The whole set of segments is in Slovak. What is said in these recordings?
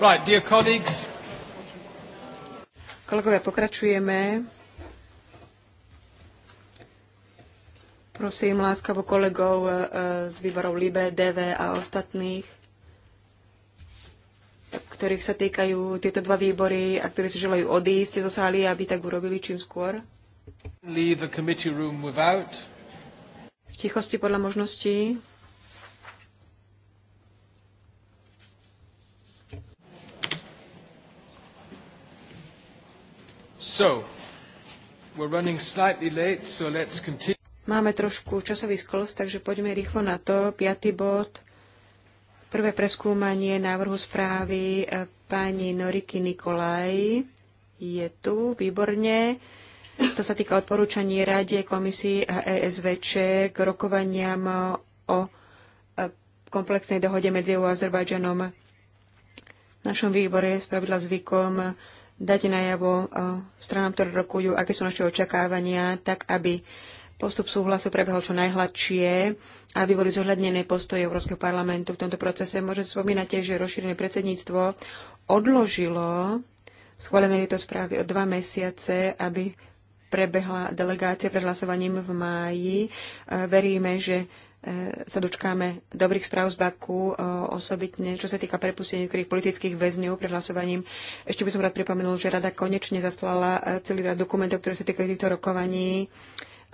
Right, dear colleagues. Kolegovia, pokračujeme. Prosím láskavo kolegov e, z výborov LIBE, DV a ostatných, ktorých sa týkajú tieto dva výbory a ktorí si želajú odísť zo sály, aby tak urobili čím skôr. Leave the committee room without. V tichosti podľa možností. So, we're running slightly late, so let's continue. Máme trošku časový sklos, takže poďme rýchlo na to. Piatý bod. Prvé preskúmanie návrhu správy e, pani Noriky Nikolaj je tu, výborne. To sa týka odporúčaní Rade, komisii a ESVČ k rokovaniam o e, komplexnej dohode medzi EU a Azerbajdžanom. V našom výbore je spravidla zvykom dáte najavo eh, stranám, ktoré rokujú, aké sú naše očakávania, tak aby postup súhlasu prebehol čo najhladšie, aby boli zohľadnené postoje Európskeho parlamentu v tomto procese. Možno spomínate, že rozšírené predsedníctvo odložilo schválené tieto správy o dva mesiace, aby prebehla delegácia pred hlasovaním v máji. Eh, veríme, že E, sa dočkáme dobrých správ z Baku, e, osobitne čo sa týka prepustenia niektorých politických väzňov pred hlasovaním. Ešte by som rád pripomenul, že rada konečne zaslala e, celý rad dokumentov, ktoré sa týkajú týchto rokovaní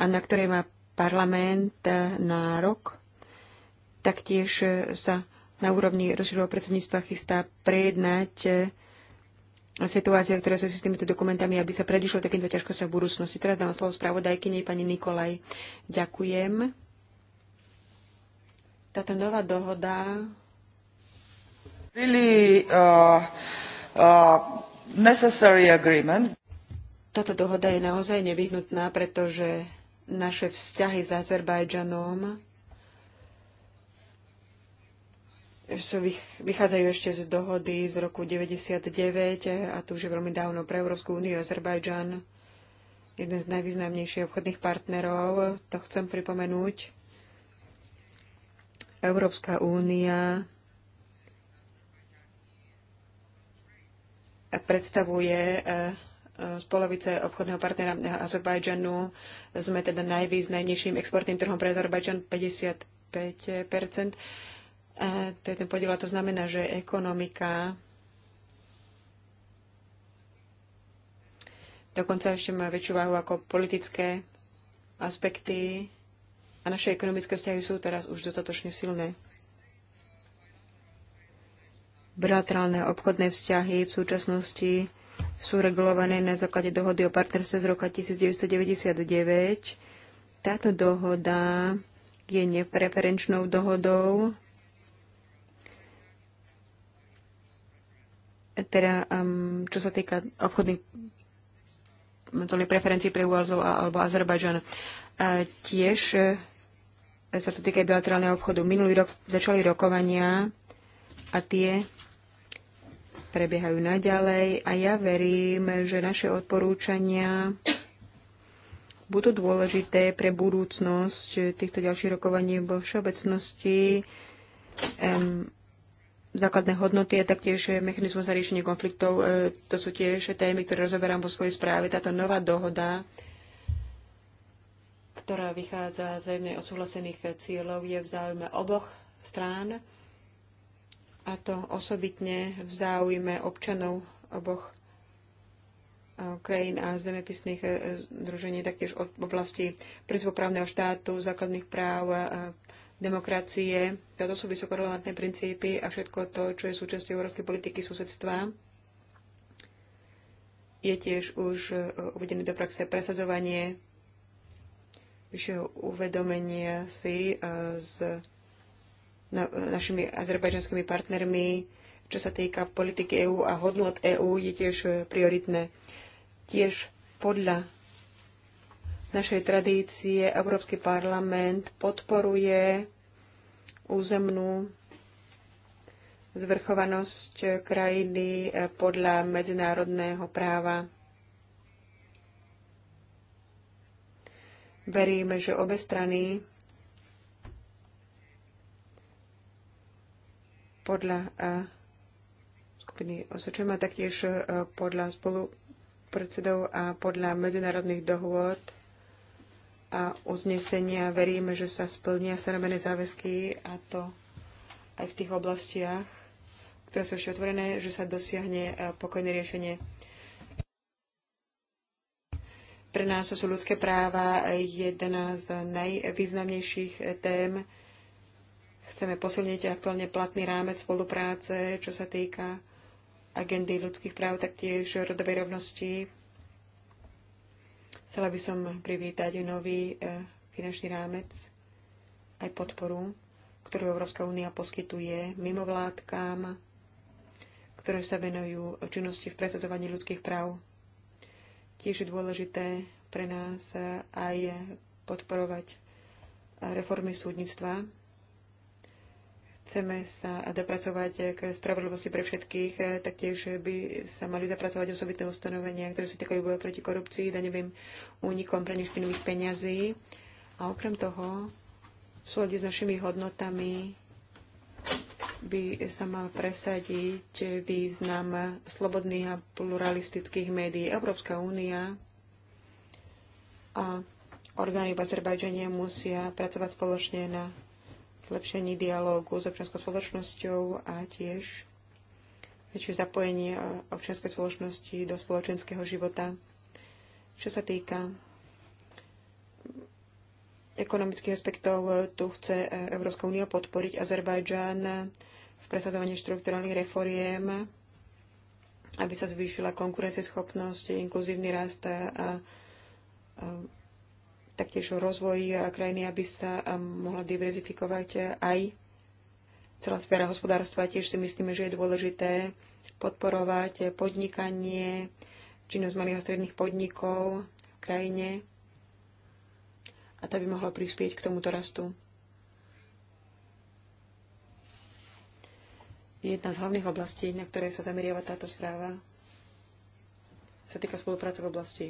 a na ktoré má parlament nárok. Taktiež sa na úrovni rozširového predsedníctva chystá prejednať situácia, ktoré sú s týmito dokumentami, aby sa predišlo takýmto ťažkostiam v budúcnosti. Teraz dám slovo spravodajkyni pani Nikolaj. Ďakujem. Táto nová dohoda really uh, uh, Táto dohoda je naozaj nevyhnutná, pretože naše vzťahy s Azerbajdžanom sú, vychádzajú ešte z dohody z roku 99 a to už je veľmi dávno pre Európsku úniu Azerbajdžan jeden z najvýznamnejších obchodných partnerov. To chcem pripomenúť. Európska únia predstavuje e, e, z polovice obchodného partnera Azerbajdžanu. Sme teda najvýznajnejším exportným trhom pre Azerbajdžan 55 e, to je ten podiel a to znamená, že ekonomika dokonca ešte má väčšiu váhu ako politické aspekty a naše ekonomické vzťahy sú teraz už dostatočne silné. Bilaterálne obchodné vzťahy v súčasnosti sú regulované na základe dohody o partnerstve z roka 1999. Táto dohoda je nepreferenčnou dohodou, teda um, čo sa týka obchodných preferencií pre Uazov alebo Azerbajdžan. Tiež sa to týka bilaterálneho obchodu. Minulý rok začali rokovania a tie prebiehajú naďalej a ja verím, že naše odporúčania budú dôležité pre budúcnosť týchto ďalších rokovaní vo všeobecnosti. Um, základné hodnoty a taktiež mechanizmus za riešenie konfliktov. E, to sú tiež témy, ktoré rozoberám vo svojej správe. Táto nová dohoda ktorá vychádza z jednej odsúhlasených cieľov, je v záujme oboch strán, a to osobitne v záujme občanov oboch krajín a zemepisných e, združení, taktiež v oblasti princípu právneho štátu, základných práv, demokracie. Toto sú vysokorelevantné princípy a všetko to, čo je súčasťou európskej politiky susedstva, je tiež už e, uvedené do praxe presadzovanie vyššieho uvedomenia si eh, s našimi azerbajdžanskými partnermi, čo sa týka politiky EÚ a hodnot EÚ, je tiež eh, prioritné. Tiež podľa našej tradície Európsky parlament podporuje územnú zvrchovanosť eh, krajiny podľa medzinárodného práva. Veríme, že obe strany podľa skupiny OSČM taktiež e, podľa spolupredsedov a podľa medzinárodných dohôd a uznesenia veríme, že sa splnia stanovené záväzky a to aj v tých oblastiach, ktoré sú ešte otvorené, že sa dosiahne e, pokojné riešenie pre nás sú ľudské práva jedna z najvýznamnejších tém. Chceme posilniť aktuálne platný rámec spolupráce, čo sa týka agendy ľudských práv, taktiež rodovej rovnosti. Chcela by som privítať nový e, finančný rámec aj podporu, ktorú Európska únia poskytuje mimovládkám, ktoré sa venujú činnosti v presadzovaní ľudských práv. Tiež je dôležité pre nás aj podporovať reformy súdnictva. Chceme sa dopracovať k spravodlivosti pre všetkých, taktiež by sa mali zapracovať osobitné ustanovenia, ktoré sa týkajú boja proti korupcii, daňovým únikom, pre špinových peňazí. A okrem toho, v súlade s našimi hodnotami by sa mal presadiť význam slobodných a pluralistických médií. Európska únia a orgány v Azerbajdžane musia pracovať spoločne na zlepšení dialógu s občianskou spoločnosťou a tiež väčšie zapojenie občianskej spoločnosti do spoločenského života. Čo sa týka ekonomických aspektov e, tu chce e, Európska únia podporiť Azerbajdžan v presadovaní štrukturálnych reforiem, aby sa zvýšila konkurencieschopnosť, inkluzívny rast a taktiež rozvoj krajiny, aby sa mohla diverzifikovať aj celá sféra hospodárstva. Tiež si myslíme, že je dôležité podporovať podnikanie, činnosť malých a stredných podnikov v krajine a to by mohla prispieť k tomuto rastu. Jedna z hlavných oblastí, na ktoré sa zameriava táto správa, sa týka spolupráce v oblasti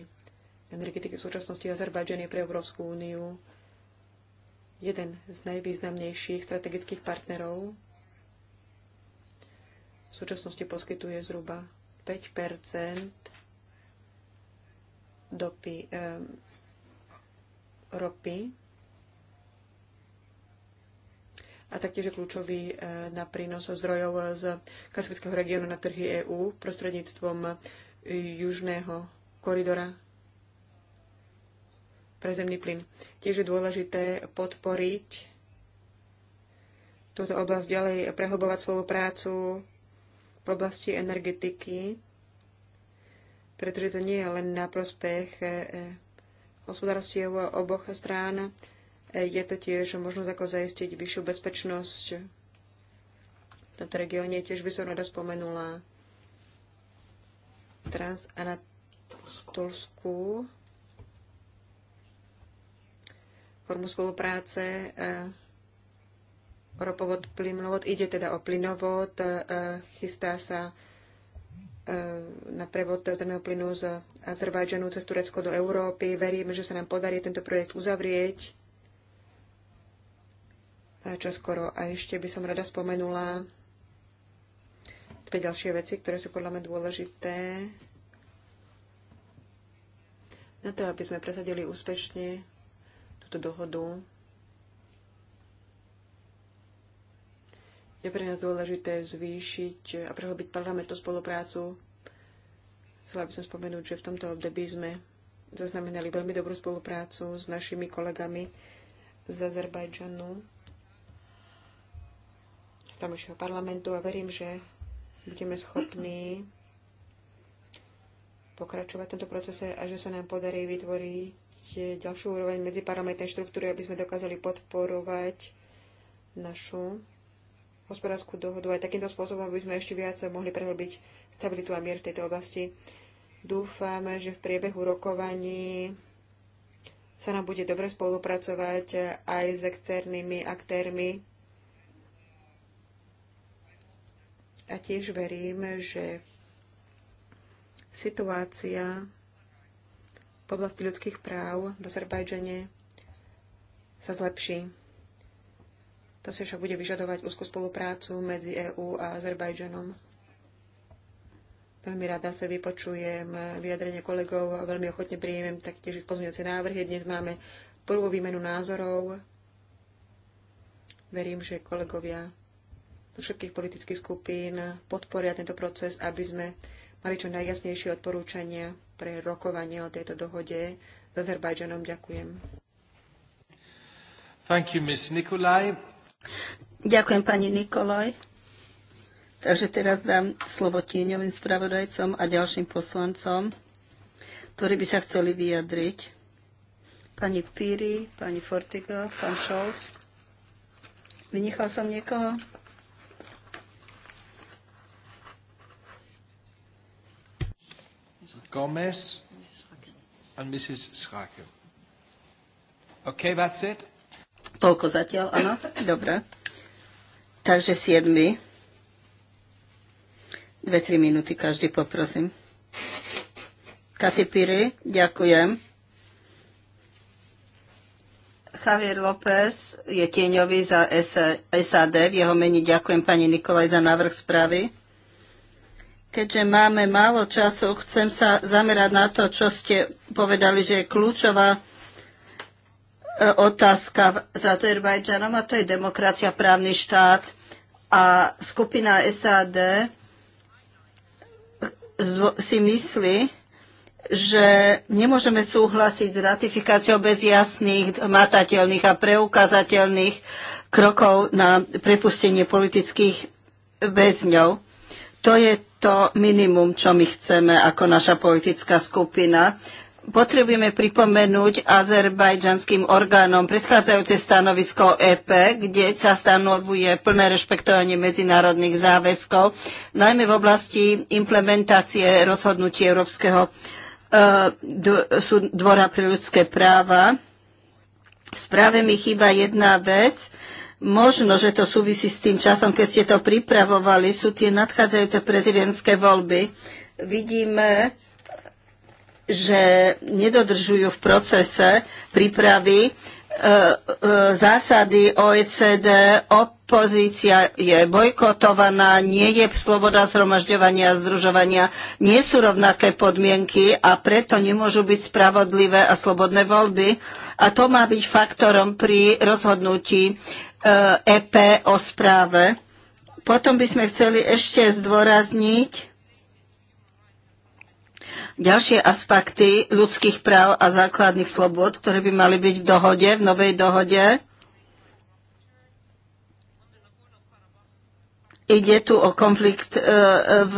energetiky v súčasnosti Azerbajdžan je pre Európsku úniu jeden z najvýznamnejších strategických partnerov. V súčasnosti poskytuje zhruba 5 dopy, ropy a taktiež je kľúčový e, na prínos zdrojov z Kaspického regiónu na trhy EÚ prostredníctvom e, južného koridora pre zemný plyn. Tiež je dôležité podporiť túto oblasť ďalej, prehlbovať spoluprácu v oblasti energetiky, pretože to nie je len na prospech e, hospodárstiev oboch strán. Je to tiež možnosť ako zaistiť vyššiu bezpečnosť. V tomto regióne tiež by som rada spomenula transanatolskú formu spolupráce e, ropovod, plynovod. Ide teda o plynovod, e, chystá sa Eh, na prevod zemného plynu z Azerbajdžanu cez Turecko do Európy. Veríme, že sa nám podarí tento projekt uzavrieť čo skoro. A ešte by som rada spomenula dve ďalšie veci, ktoré sú podľa mňa dôležité na to, aby sme presadili úspešne túto dohodu Je pre nás dôležité zvýšiť a prehlbiť parlamentnú spoluprácu. Chcela by som spomenúť, že v tomto období sme zaznamenali veľmi dobrú spoluprácu s našimi kolegami z Azerbajdžanu, z tamojšieho parlamentu a verím, že budeme schopní pokračovať v tomto procese a že sa nám podarí vytvoriť ďalšiu úroveň medziparlamentnej štruktúry, aby sme dokázali podporovať našu hospodárskú dohodu. Aj takýmto spôsobom by sme ešte viac mohli prehlbiť stabilitu a mier v tejto oblasti. Dúfam, že v priebehu rokovaní sa nám bude dobre spolupracovať aj s externými aktérmi. A tiež verím, že situácia v oblasti ľudských práv v Azerbajdžane sa zlepší. To si však bude vyžadovať úzkú spoluprácu medzi EÚ a Azerbajdžanom. Veľmi rada sa vypočujem vyjadrenie kolegov a veľmi ochotne príjmem taktiež ich pozmeňujúce návrhy. Dnes máme prvú výmenu názorov. Verím, že kolegovia do všetkých politických skupín podporia tento proces, aby sme mali čo najjasnejšie odporúčania pre rokovanie o tejto dohode s Azerbajdžanom. Ďakujem. Thank you, Ms. Nikolaj. Ďakujem pani Nikolaj. Takže teraz dám slovo tieňovým spravodajcom a ďalším poslancom, ktorí by sa chceli vyjadriť. Pani Píri, pani Fortiga, pán Scholz. Vynechal som niekoho? Gomez and Mrs. Schrake. Okay, that's it. Toľko zatiaľ, áno? Dobre. Takže siedmi. Dve, tri minúty každý, poprosím. Katy Piri, ďakujem. Javier López je tieňový za SAD. V jeho meni ďakujem pani Nikolaj za návrh správy. Keďže máme málo času, chcem sa zamerať na to, čo ste povedali, že je kľúčová E, otázka s Azerbajdžanom a to je demokracia, právny štát a skupina SAD si myslí, že nemôžeme súhlasiť s ratifikáciou bez jasných, matateľných a preukázateľných krokov na prepustenie politických väzňov. To je to minimum, čo my chceme ako naša politická skupina. Potrebujeme pripomenúť azerbajdžanským orgánom predchádzajúce stanovisko EP, kde sa stanovuje plné rešpektovanie medzinárodných záväzkov, najmä v oblasti implementácie rozhodnutí Európskeho e, dvora pre ľudské práva. V správe mi chýba jedna vec, Možno, že to súvisí s tým časom, keď ste to pripravovali, sú tie nadchádzajúce prezidentské voľby. Vidíme, že nedodržujú v procese prípravy e, e, zásady OECD, opozícia je bojkotovaná, nie je sloboda zhromažďovania a združovania, nie sú rovnaké podmienky a preto nemôžu byť spravodlivé a slobodné voľby. A to má byť faktorom pri rozhodnutí EP e o správe. Potom by sme chceli ešte zdôrazniť, ďalšie aspekty ľudských práv a základných slobod, ktoré by mali byť v dohode, v novej dohode. Ide tu o konflikt e, v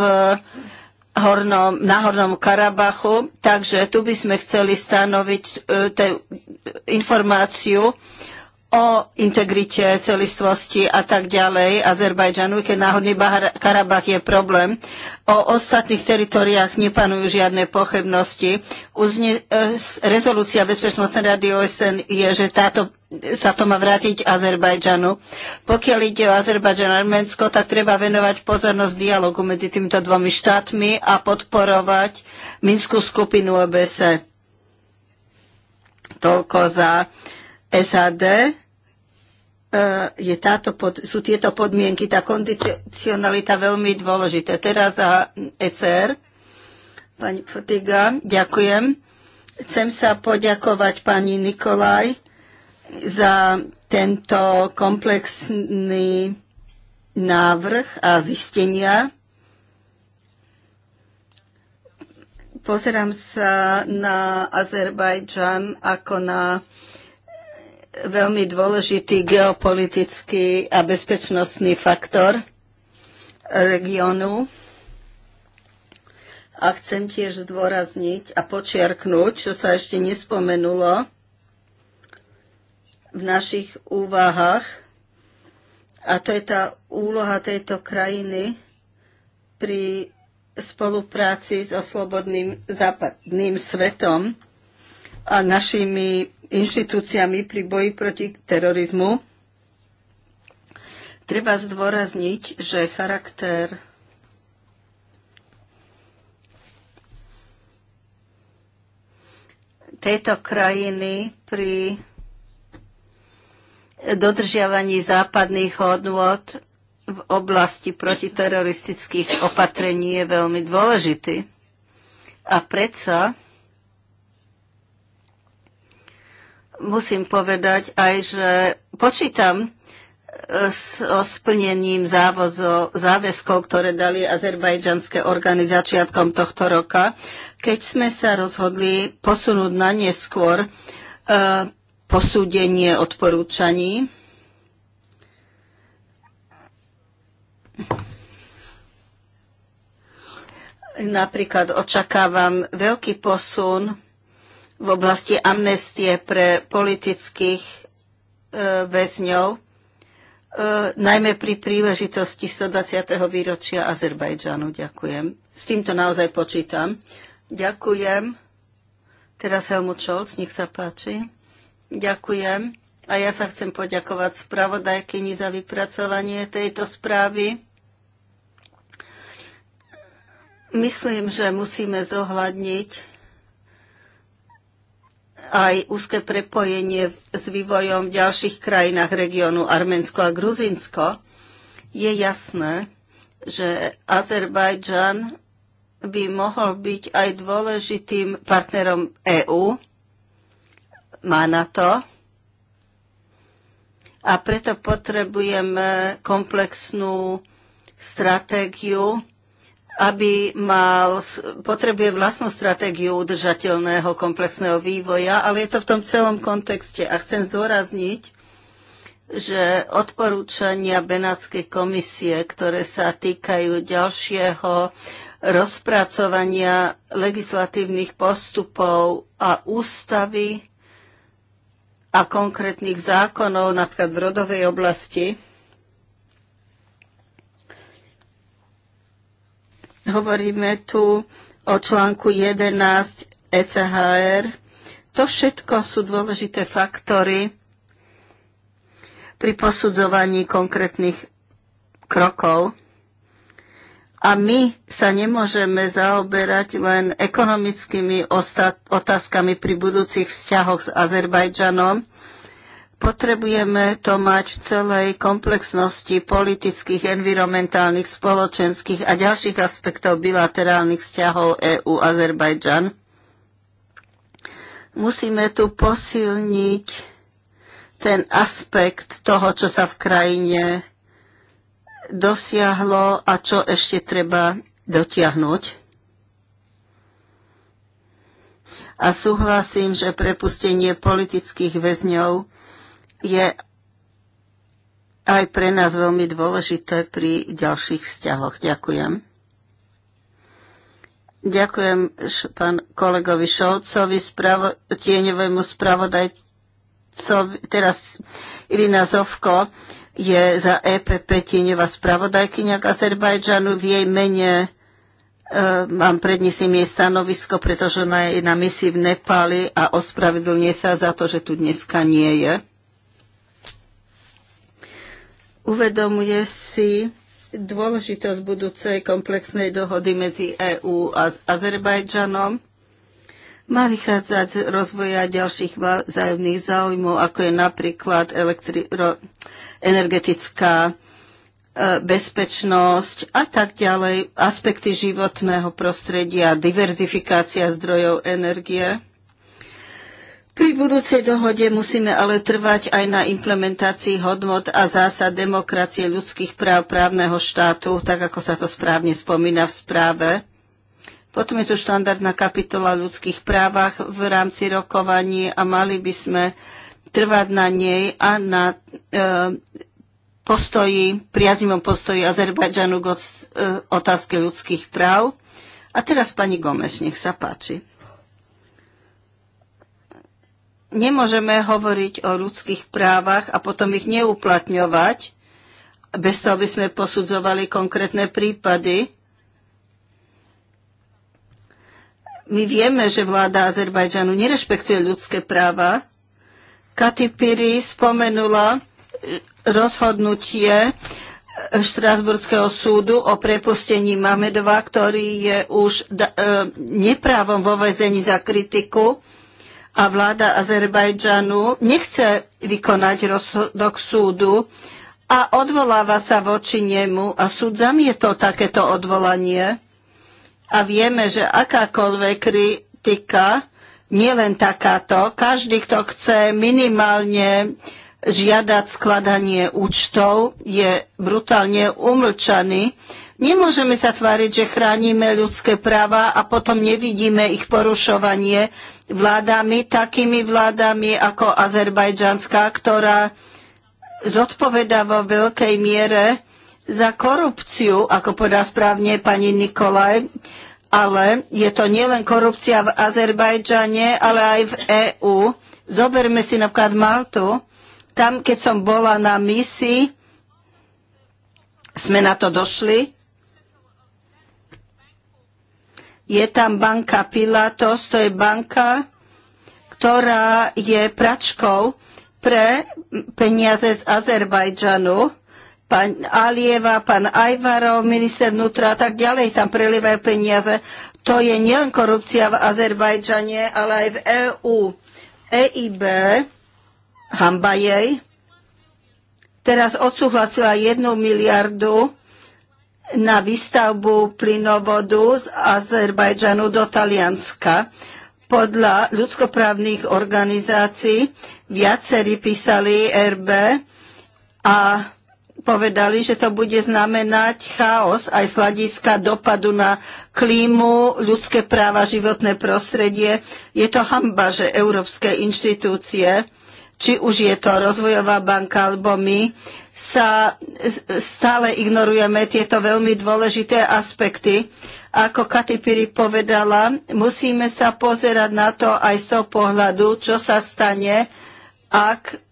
hornom, na Hornom Karabachu, takže tu by sme chceli stanoviť e, informáciu o integrite, celistvosti a tak ďalej Azerbajdžanu, keď náhodný Karabach je problém. O ostatných teritoriách nepanujú žiadne pochybnosti. Uzne, e, rezolúcia Bezpečnostnej rady OSN je, že táto sa to má vrátiť Azerbajdžanu. Pokiaľ ide o Azerbajdžan a Arménsko, tak treba venovať pozornosť dialogu medzi týmito dvomi štátmi a podporovať Minskú skupinu OBSE. Toľko za SAD je táto pod, sú tieto podmienky, tá kondicionalita veľmi dôležité. Teraz za ECR. Pani Fotiga, ďakujem. Chcem sa poďakovať pani Nikolaj za tento komplexný návrh a zistenia. Pozerám sa na Azerbajdžan ako na veľmi dôležitý geopolitický a bezpečnostný faktor regiónu. A chcem tiež zdôrazniť a počiarknúť, čo sa ešte nespomenulo v našich úvahách, a to je tá úloha tejto krajiny pri spolupráci so slobodným západným svetom a našimi inštitúciami pri boji proti terorizmu. Treba zdôrazniť, že charakter tejto krajiny pri dodržiavaní západných hodnôt v oblasti protiteroristických opatrení je veľmi dôležitý. A predsa musím povedať aj, že počítam e, s splnením závozo, záväzkov, ktoré dali azerbajdžanské orgány začiatkom tohto roka, keď sme sa rozhodli posunúť na neskôr e, posúdenie odporúčaní. Napríklad očakávam veľký posun v oblasti amnestie pre politických e, väzňov, e, najmä pri príležitosti 120. výročia Azerbajdžanu. Ďakujem. S týmto naozaj počítam. Ďakujem. Teraz Helmut Scholz, nech sa páči. Ďakujem. A ja sa chcem poďakovať spravodajkyni za vypracovanie tejto správy. Myslím, že musíme zohľadniť aj úzke prepojenie s vývojom v ďalších krajinách regiónu Arménsko a Gruzinsko, je jasné, že Azerbajdžan by mohol byť aj dôležitým partnerom EÚ. Má na to. A preto potrebujeme komplexnú stratégiu, aby mal, potrebuje vlastnú stratégiu udržateľného komplexného vývoja, ale je to v tom celom kontexte. A chcem zdôrazniť, že odporúčania Benátskej komisie, ktoré sa týkajú ďalšieho rozpracovania legislatívnych postupov a ústavy a konkrétnych zákonov, napríklad v rodovej oblasti, Hovoríme tu o článku 11 ECHR. To všetko sú dôležité faktory pri posudzovaní konkrétnych krokov. A my sa nemôžeme zaoberať len ekonomickými otázkami pri budúcich vzťahoch s Azerbajdžanom, Potrebujeme to mať v celej komplexnosti politických, environmentálnych, spoločenských a ďalších aspektov bilaterálnych vzťahov EU-Azerbajdžan. Musíme tu posilniť ten aspekt toho, čo sa v krajine dosiahlo a čo ešte treba dotiahnuť. A súhlasím, že prepustenie politických väzňov je aj pre nás veľmi dôležité pri ďalších vzťahoch. Ďakujem. Ďakujem pán kolegovi Šolcovi, spravo, tieňovému spravodajcovi, teraz Irina Zovko je za EPP tieňová spravodajkyňa k Azerbajdžanu. V jej mene e, mám prednesím jej stanovisko, pretože ona je na misii v Nepáli a ospravedlňuje sa za to, že tu dneska nie je uvedomuje si dôležitosť budúcej komplexnej dohody medzi EÚ a Azerbajdžanom. Má vychádzať z rozvoja ďalších vzájomných záujmov, ako je napríklad elektri- ro- energetická e, bezpečnosť a tak ďalej, aspekty životného prostredia, diverzifikácia zdrojov energie. Pri budúcej dohode musíme ale trvať aj na implementácii hodnot a zásad demokracie ľudských práv právneho štátu, tak ako sa to správne spomína v správe. Potom je tu štandardná kapitola o ľudských právach v rámci rokovaní a mali by sme trvať na nej a na e, postoji, priaznivom postoji Azerbajdžanu k e, otázke ľudských práv. A teraz pani Gomeš, nech sa páči. Nemôžeme hovoriť o ľudských právach a potom ich neuplatňovať, bez toho, aby sme posudzovali konkrétne prípady. My vieme, že vláda Azerbajdžanu nerešpektuje ľudské práva. Katy Piri spomenula rozhodnutie Štrásburského súdu o prepustení Mamedova, ktorý je už e, neprávom vo vezení za kritiku a vláda Azerbajdžanu nechce vykonať rozsudok súdu a odvoláva sa voči nemu a súd zamietol takéto odvolanie. A vieme, že akákoľvek kritika, nielen takáto, každý, kto chce minimálne žiadať skladanie účtov, je brutálne umlčaný Nemôžeme sa tváriť, že chránime ľudské práva a potom nevidíme ich porušovanie vládami, takými vládami ako azerbajdžanská, ktorá zodpovedá vo veľkej miere za korupciu, ako podá správne pani Nikolaj, ale je to nielen korupcia v Azerbajdžane, ale aj v EÚ. Zoberme si napríklad Maltu. Tam, keď som bola na misii, sme na to došli. Je tam banka Pilatos, to je banka, ktorá je pračkou pre peniaze z Azerbajdžanu. Pán Alieva, pán Ajvarov, minister vnútra a tak ďalej tam prelievajú peniaze. To je nielen korupcia v Azerbajdžane, ale aj v EU. EIB, hamba jej, teraz odsúhlasila jednu miliardu na výstavbu plynovodu z Azerbajdžanu do Talianska. Podľa ľudskoprávnych organizácií viacerí písali RB a povedali, že to bude znamenať chaos aj z hľadiska dopadu na klímu, ľudské práva, životné prostredie. Je to hamba, že európske inštitúcie, či už je to Rozvojová banka alebo my, sa stále ignorujeme tieto veľmi dôležité aspekty. Ako Katy Piri povedala, musíme sa pozerať na to aj z toho pohľadu, čo sa stane, ak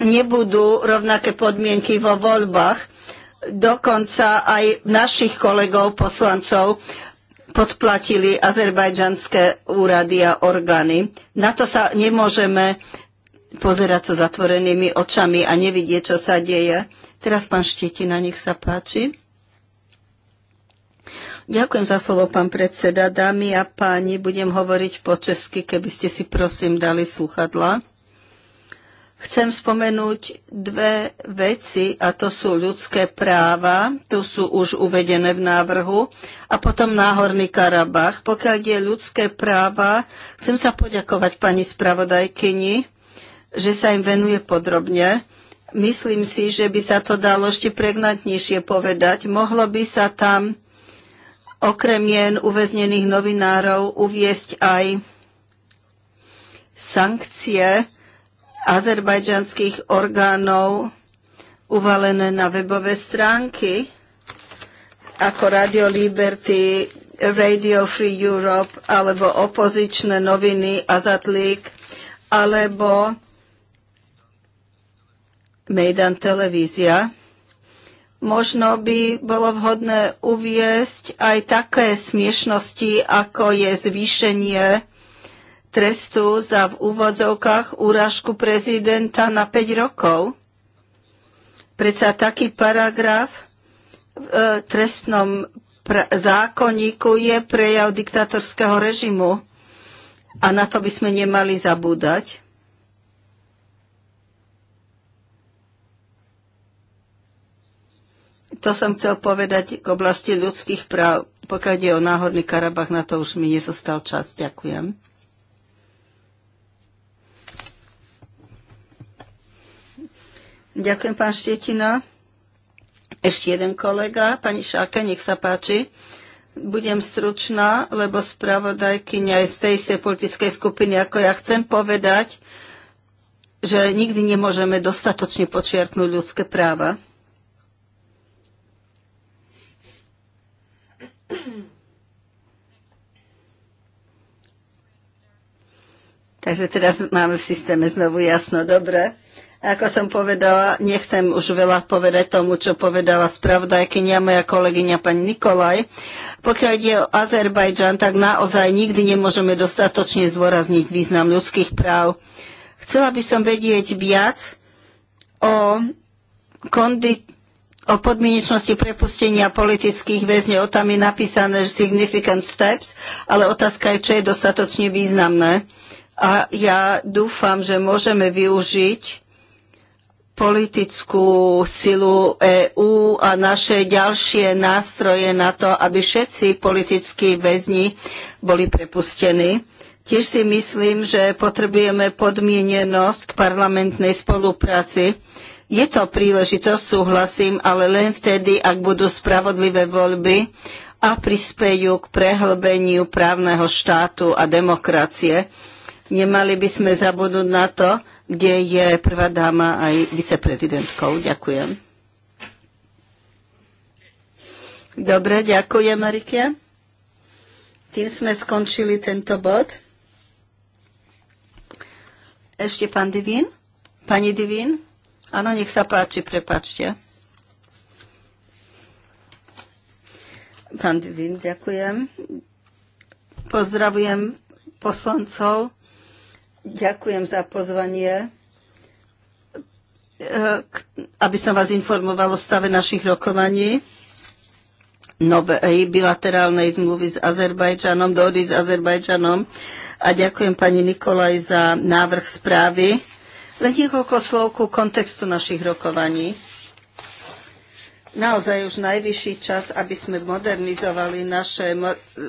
nebudú rovnaké podmienky vo voľbách. Dokonca aj našich kolegov poslancov podplatili azerbajdžanské úrady a orgány. Na to sa nemôžeme pozerať sa zatvorenými očami a nevidieť, čo sa deje. Teraz pán Štetina, nech sa páči. Ďakujem za slovo, pán predseda. Dámy a páni, budem hovoriť po česky, keby ste si prosím dali sluchadla. Chcem spomenúť dve veci, a to sú ľudské práva, tu sú už uvedené v návrhu, a potom Náhorný Karabach. Pokiaľ je ľudské práva, chcem sa poďakovať pani spravodajkyni, že sa im venuje podrobne. Myslím si, že by sa to dalo ešte pregnantnejšie povedať. Mohlo by sa tam okrem jen uväznených novinárov uviesť aj sankcie azerbajdžanských orgánov uvalené na webové stránky ako Radio Liberty, Radio Free Europe alebo opozičné noviny Azatlík alebo Mejdan televízia. Možno by bolo vhodné uviesť aj také smiešnosti, ako je zvýšenie trestu za v úvodzovkách úražku prezidenta na 5 rokov. Predsa taký paragraf v e, trestnom zákonníku je prejav diktatorského režimu a na to by sme nemali zabúdať. To som chcel povedať k oblasti ľudských práv. Pokiaľ je o Náhorný Karabach, na to už mi nezostal čas. Ďakujem. Ďakujem, pán Štietina. Ešte jeden kolega, pani Šáke, nech sa páči. Budem stručná, lebo spravodajkyňa je z tej istej politickej skupiny, ako ja chcem povedať, že nikdy nemôžeme dostatočne počiarknúť ľudské práva. Takže teraz máme v systéme znovu jasno. Dobre. Ako som povedala, nechcem už veľa povedať tomu, čo povedala spravodajkynia moja kolegyňa pani Nikolaj. Pokiaľ ide o Azerbajdžan, tak naozaj nikdy nemôžeme dostatočne zdôrazniť význam ľudských práv. Chcela by som vedieť viac o, kondi- o podmienečnosti prepustenia politických väzňov. Tam je napísané significant steps, ale otázka je, čo je dostatočne významné a ja dúfam, že môžeme využiť politickú silu EÚ a naše ďalšie nástroje na to, aby všetci politickí väzni boli prepustení. Tiež si myslím, že potrebujeme podmienenosť k parlamentnej spolupráci. Je to príležitosť, súhlasím, ale len vtedy, ak budú spravodlivé voľby a prispejú k prehlbeniu právneho štátu a demokracie Nemali by sme zabudnúť na to, kde je prvá dáma aj viceprezidentkou. Ďakujem. Dobre, ďakujem, Marike. Tým sme skončili tento bod. Ešte pán Divín? Pani Divín? Áno, nech sa páči, prepačte. Pán Divín, ďakujem. Pozdravujem poslancov Ďakujem za pozvanie, e, aby som vás informoval o stave našich rokovaní novej bilaterálnej zmluvy s Azerbajdžanom, dohody s Azerbajdžanom. A ďakujem pani Nikolaj za návrh správy. Len niekoľko slov ku kontextu našich rokovaní naozaj už najvyšší čas, aby sme modernizovali naše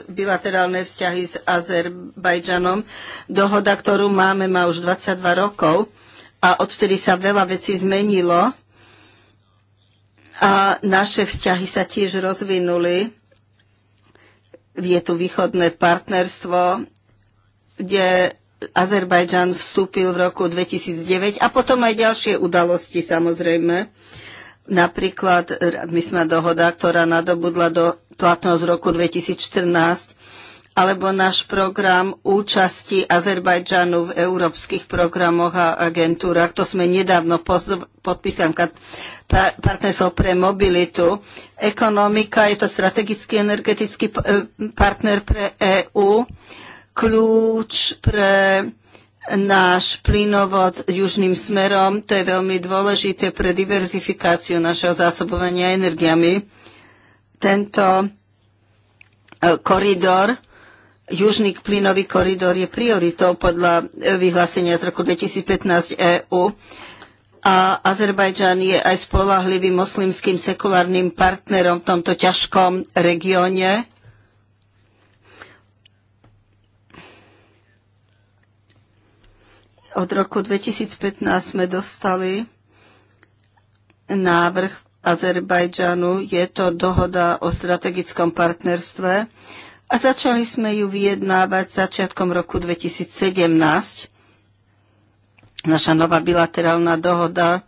bilaterálne vzťahy s Azerbajdžanom. Dohoda, ktorú máme, má už 22 rokov a odtedy sa veľa vecí zmenilo a naše vzťahy sa tiež rozvinuli. Je tu východné partnerstvo, kde Azerbajdžan vstúpil v roku 2009 a potom aj ďalšie udalosti samozrejme. Napríklad my sme dohoda, ktorá nadobudla do platnosť roku 2014, alebo náš program účasti Azerbajdžanu v európskych programoch a agentúrach. To sme nedávno podpísali partnerstvo pre mobilitu. Ekonomika je to strategický energetický e, partner pre EÚ, kľúč pre náš plynovod južným smerom. To je veľmi dôležité pre diverzifikáciu našeho zásobovania energiami. Tento e, koridor, južný plynový koridor je prioritou podľa e, vyhlásenia z roku 2015 EÚ a Azerbajdžan je aj spolahlivým moslimským sekulárnym partnerom v tomto ťažkom regióne Od roku 2015 sme dostali návrh Azerbajdžanu. Je to dohoda o strategickom partnerstve a začali sme ju vyjednávať začiatkom roku 2017. Naša nová bilaterálna dohoda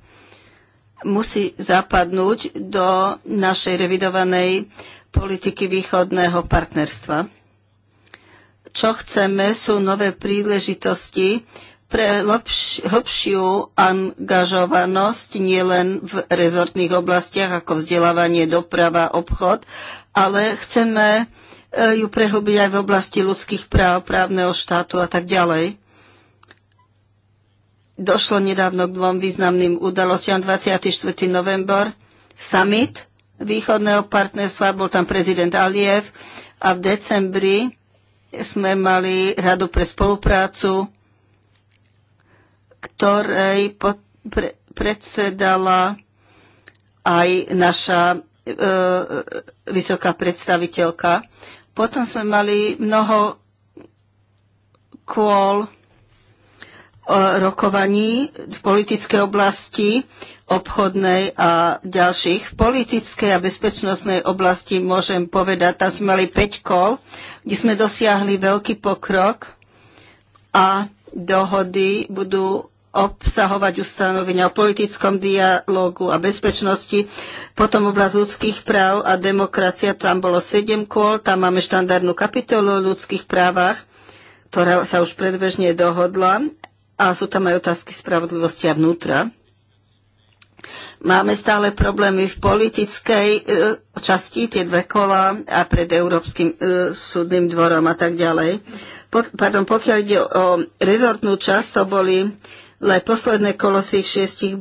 musí zapadnúť do našej revidovanej politiky východného partnerstva. Čo chceme sú nové príležitosti pre lepš- hĺbšiu angažovanosť nielen v rezortných oblastiach ako vzdelávanie, doprava, obchod, ale chceme e, ju prehlbiť aj v oblasti ľudských práv, právneho štátu a tak ďalej. Došlo nedávno k dvom významným udalostiam. 24. november, summit východného partnerstva, bol tam prezident Aliev a v decembri sme mali radu pre spoluprácu ktorej pod, pre, predsedala aj naša e, vysoká predstaviteľka. Potom sme mali mnoho kôl e, rokovaní v politickej oblasti, obchodnej a ďalších. V politickej a bezpečnostnej oblasti môžem povedať, tam sme mali 5 kol, kde sme dosiahli veľký pokrok a dohody budú obsahovať ustanovenia o politickom dialogu a bezpečnosti, potom oblasť ľudských práv a demokracia, tam bolo 7 kôl, tam máme štandardnú kapitolu o ľudských právach, ktorá sa už predbežne dohodla a sú tam aj otázky spravodlivosti a vnútra. Máme stále problémy v politickej e, časti, tie dve kola a pred Európskym e, súdnym dvorom a tak ďalej. pardon, pokiaľ ide o rezortnú časť, to boli Le posledné kolo z tých šiestich,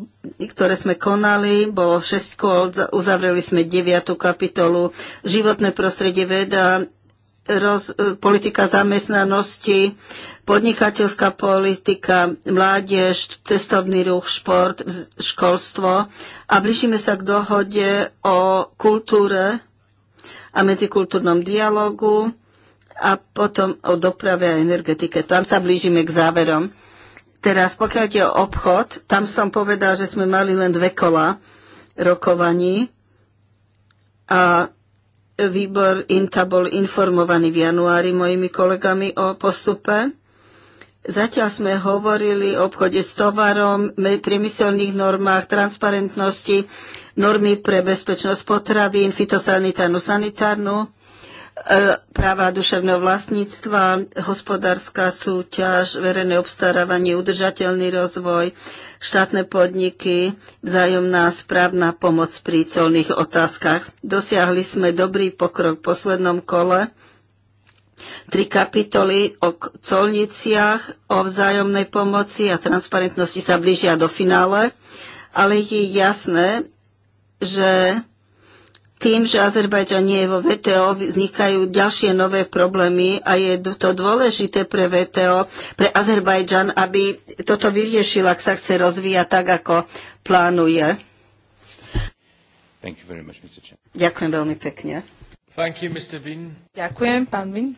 ktoré sme konali, bolo šesť kol, uzavreli sme 9. kapitolu životné prostredie veda, roz, e, politika zamestnanosti, podnikateľská politika, mládež, cestovný ruch, šport, školstvo a blížime sa k dohode o kultúre a medzikultúrnom dialogu a potom o doprave a energetike. Tam sa blížime k záverom. Teraz, pokiaľ je o obchod, tam som povedal, že sme mali len dve kola rokovaní a výbor INTA bol informovaný v januári mojimi kolegami o postupe. Zatiaľ sme hovorili o obchode s tovarom, priemyselných normách, transparentnosti, normy pre bezpečnosť potravín, fitosanitárnu, sanitárnu E, práva duševného vlastníctva, hospodárska súťaž, verejné obstarávanie, udržateľný rozvoj, štátne podniky, vzájomná správna pomoc pri colných otázkach. Dosiahli sme dobrý pokrok v poslednom kole. Tri kapitoly o colniciach, o vzájomnej pomoci a transparentnosti sa blížia do finále, ale je jasné, že tým, že Azerbajdžan nie je vo VTO, vznikajú ďalšie nové problémy a je to dôležité pre VTO, pre Azerbajdžan, aby toto vyriešil, ak sa chce rozvíjať tak, ako plánuje. Thank you very much, Mr. Ďakujem veľmi pekne. Thank you, Mr. Ďakujem, pán Vin.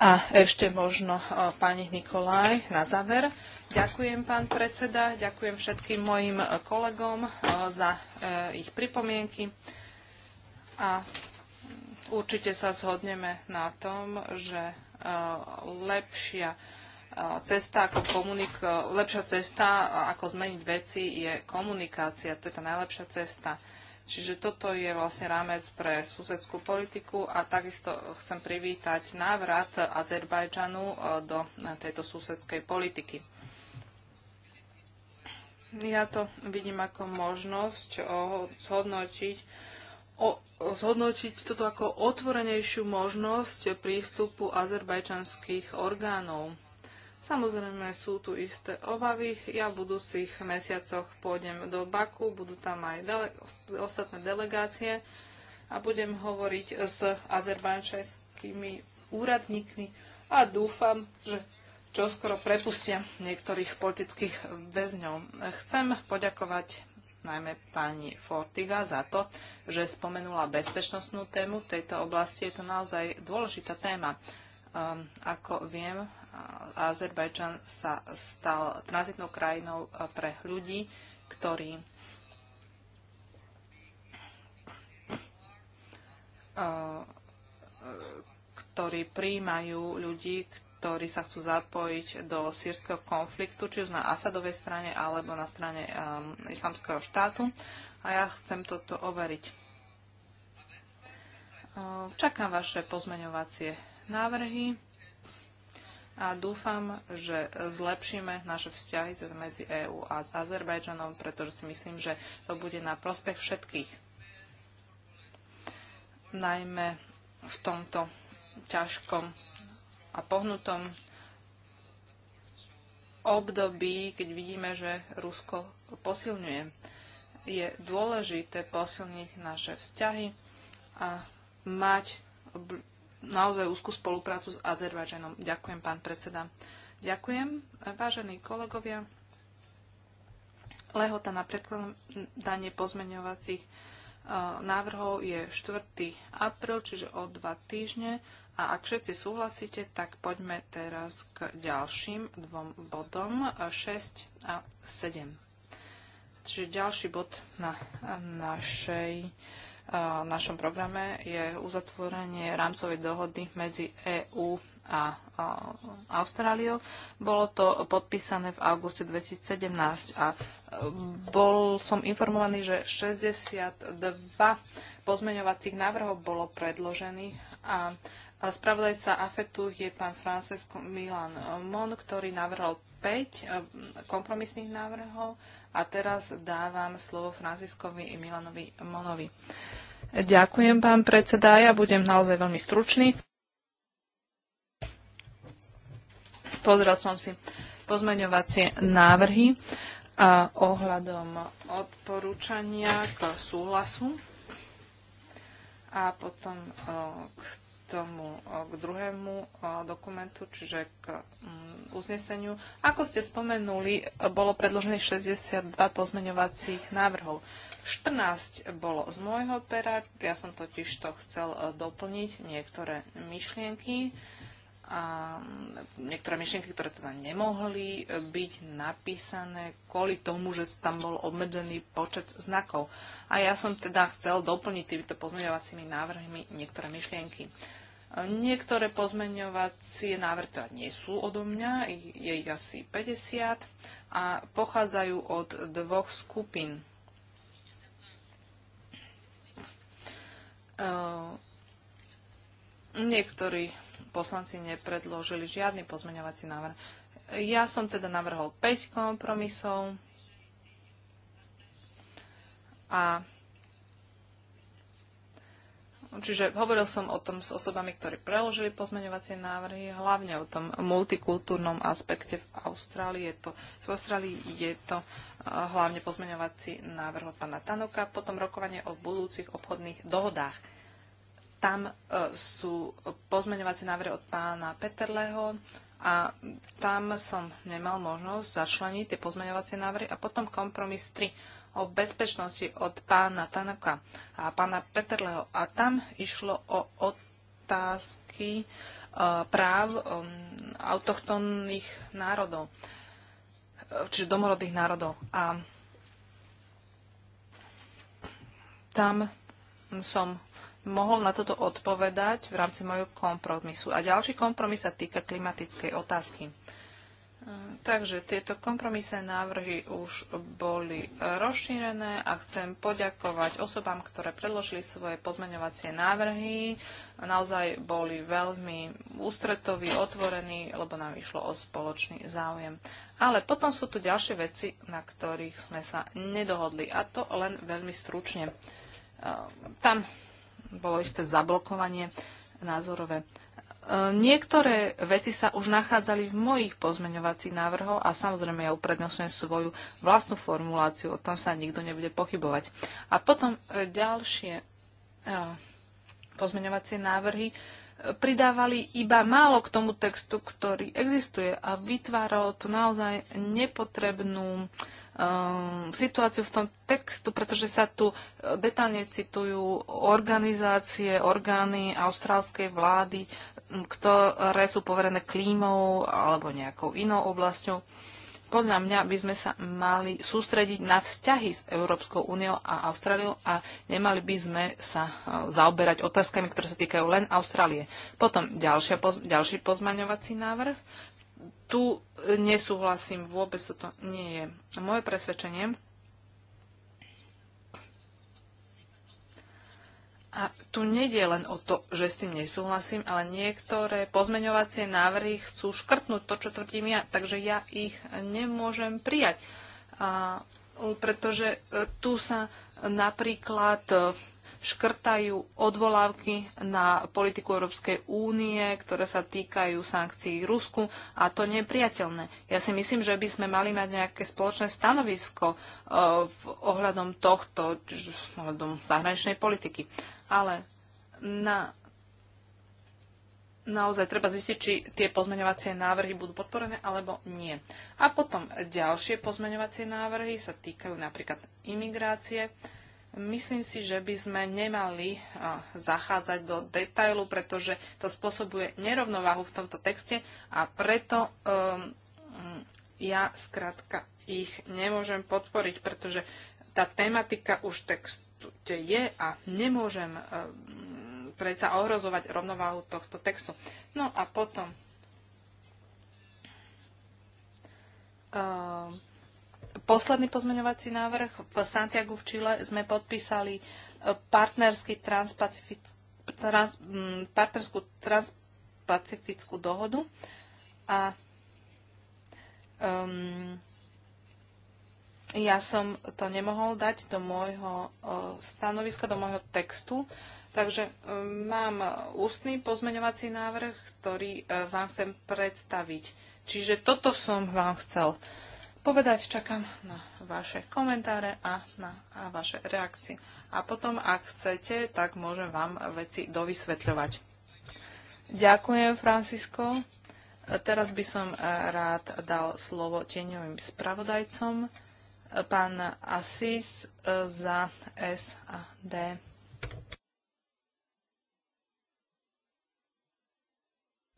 A ešte možno pani Nikolaj na záver. Ďakujem, pán predseda, ďakujem všetkým mojim e, kolegom za e, ich pripomienky. A určite sa zhodneme na tom, že e, lepšia e, cesta ako komunik- e, lepšia cesta, ako zmeniť veci, je komunikácia. To je tá najlepšia cesta. Čiže toto je vlastne rámec pre susedskú politiku a takisto chcem privítať návrat Azerbajdžanu do tejto susedskej politiky. Ja to vidím ako možnosť zhodnotiť o, zhodnotiť toto ako otvorenejšiu možnosť prístupu azerbajčanských orgánov. Samozrejme sú tu isté obavy. Ja v budúcich mesiacoch pôjdem do Baku, budú tam aj dele- ostatné delegácie a budem hovoriť s azerbajčanskými úradníkmi a dúfam, že čoskoro prepustia niektorých politických väzňov. Chcem poďakovať najmä pani Fortiga, za to, že spomenula bezpečnostnú tému. V tejto oblasti je to naozaj dôležitá téma. Um, ako viem, Azerbajčan sa stal tranzitnou krajinou uh, pre ľudí, ktorí uh, uh, ktorí príjmajú ľudí, ktorí sa chcú zapojiť do sírskeho konfliktu, či už na Asadovej strane alebo na strane um, islamského štátu. A ja chcem toto overiť. Uh, čakám vaše pozmeňovacie návrhy a dúfam, že zlepšíme naše vzťahy teda medzi EÚ a Azerbajdžanom, pretože si myslím, že to bude na prospech všetkých. Najmä v tomto ťažkom a pohnutom období, keď vidíme, že Rusko posilňuje. Je dôležité posilniť naše vzťahy a mať naozaj úzkú spoluprácu s Azerbajdžanom. Ďakujem, pán predseda. Ďakujem, vážení kolegovia. Lehota na predkladanie pozmeňovacích eh, návrhov je 4. apríl, čiže o dva týždne a ak všetci súhlasíte, tak poďme teraz k ďalším dvom bodom 6 a 7. Čiže ďalší bod na našej, našom programe je uzatvorenie rámcovej dohody medzi EÚ a Austráliou. Bolo to podpísané v auguste 2017 a e, bol som informovaný, že 62 pozmeňovacích návrhov bolo predložených a Spravodajca AFETu je pán Francesco Milan Mon, ktorý navrhol 5 eh, kompromisných návrhov a teraz dávam slovo Franciskovi i Milanovi Monovi. Ďakujem, pán predseda. Ja budem naozaj veľmi stručný. Pozrel som si pozmeňovacie návrhy a eh, ohľadom odporúčania k súhlasu a potom eh, k tomu eh, k druhému eh, dokumentu, čiže k mm, uzneseniu. Ako ste spomenuli, eh, bolo predložených 62 pozmeňovacích návrhov. 14 bolo z môjho pera, ja som totiž to chcel doplniť niektoré myšlienky, a mm, niektoré myšlienky, ktoré teda nemohli byť napísané kvôli tomu, že tam bol obmedzený počet znakov. A ja som teda chcel doplniť týmito pozmeňovacími návrhmi niektoré myšlienky. Niektoré pozmeňovacie návrhy teda nie sú odo mňa, je ich asi 50 a pochádzajú od dvoch skupín. Ehm, niektorí poslanci nepredložili žiadny pozmeňovací návrh. Ja som teda navrhol 5 kompromisov a Čiže hovoril som o tom s osobami, ktorí preložili pozmeňovacie návrhy, hlavne o tom multikultúrnom aspekte v Austrálii. Je to, v Austrálii je to eh, hlavne pozmeňovací návrh od pána Tanoka, potom rokovanie o budúcich obchodných dohodách. Tam eh, sú pozmeňovacie návrhy od pána Peterleho a tam som nemal možnosť začleniť tie pozmeňovacie návrhy a potom kompromis 3 o bezpečnosti od pána Tanaka a pána Peterleho a tam išlo o otázky e, práv e, autochtónnych národov, e, čiže domorodých národov. A tam som mohol na toto odpovedať v rámci mojho kompromisu. A ďalší kompromis sa týka klimatickej otázky. Takže tieto kompromisné návrhy už boli rozšírené a chcem poďakovať osobám, ktoré predložili svoje pozmeňovacie návrhy. Naozaj boli veľmi ústretoví, otvorení, lebo nám išlo o spoločný záujem. Ale potom sú tu ďalšie veci, na ktorých sme sa nedohodli a to len veľmi stručne. Ehm, tam bolo isté zablokovanie názorové. E, niektoré veci sa už nachádzali v mojich pozmeňovacích návrhoch a samozrejme ja uprednostňujem svoju vlastnú formuláciu, o tom sa nikto nebude pochybovať. A potom e, ďalšie e, pozmeňovacie návrhy pridávali iba málo k tomu textu, ktorý existuje a vytváralo to naozaj nepotrebnú Um, situáciu v tom textu, pretože sa tu e, detálne citujú organizácie, orgány austrálskej vlády, ktoré sú poverené klímou alebo nejakou inou oblasťou. Podľa mňa by sme sa mali sústrediť na vzťahy s Európskou úniou a Austráliou a nemali by sme sa e, zaoberať otázkami, ktoré sa týkajú len Austrálie. Potom ďalšia, ďalší pozmaňovací návrh, tu nesúhlasím, vôbec toto nie je. Moje presvedčenie, a tu nejde len o to, že s tým nesúhlasím, ale niektoré pozmeňovacie návrhy chcú škrtnúť to, čo tvrdím ja, takže ja ich nemôžem prijať. A, pretože e, tu sa napríklad e, škrtajú odvolávky na politiku Európskej únie, ktoré sa týkajú sankcií Rusku a to nie je priateľné. Ja si myslím, že by sme mali mať nejaké spoločné stanovisko e, v ohľadom tohto, ohľadom zahraničnej politiky. Ale na, naozaj treba zistiť, či tie pozmeňovacie návrhy budú podporené alebo nie. A potom ďalšie pozmeňovacie návrhy sa týkajú napríklad imigrácie. Uh, Myslím si, že by sme nemali zachádzať do detailu, pretože to spôsobuje nerovnováhu v tomto texte a preto um, ja skrátka ich nemôžem podporiť, pretože tá tematika už texte je a nemôžem um, predsa ohrozovať rovnováhu tohto textu. No a potom um, posledný pozmeňovací návrh. V Santiago v Čile sme podpísali e, partnerský trans, partnerskú transpacifickú dohodu a um, ja som to nemohol dať do môjho e, stanoviska, do môjho textu, takže e, mám ústny pozmeňovací návrh, ktorý vám chcem predstaviť. Čiže toto som vám chcel uh, povedať. Čakám na vaše komentáre a na a vaše reakcie. A potom, ak chcete, tak môžem vám veci dovysvetľovať. Ďakujem, Francisco. Teraz by som eh, rád dal slovo tieňovým spravodajcom, pán Asís eh, za SAD.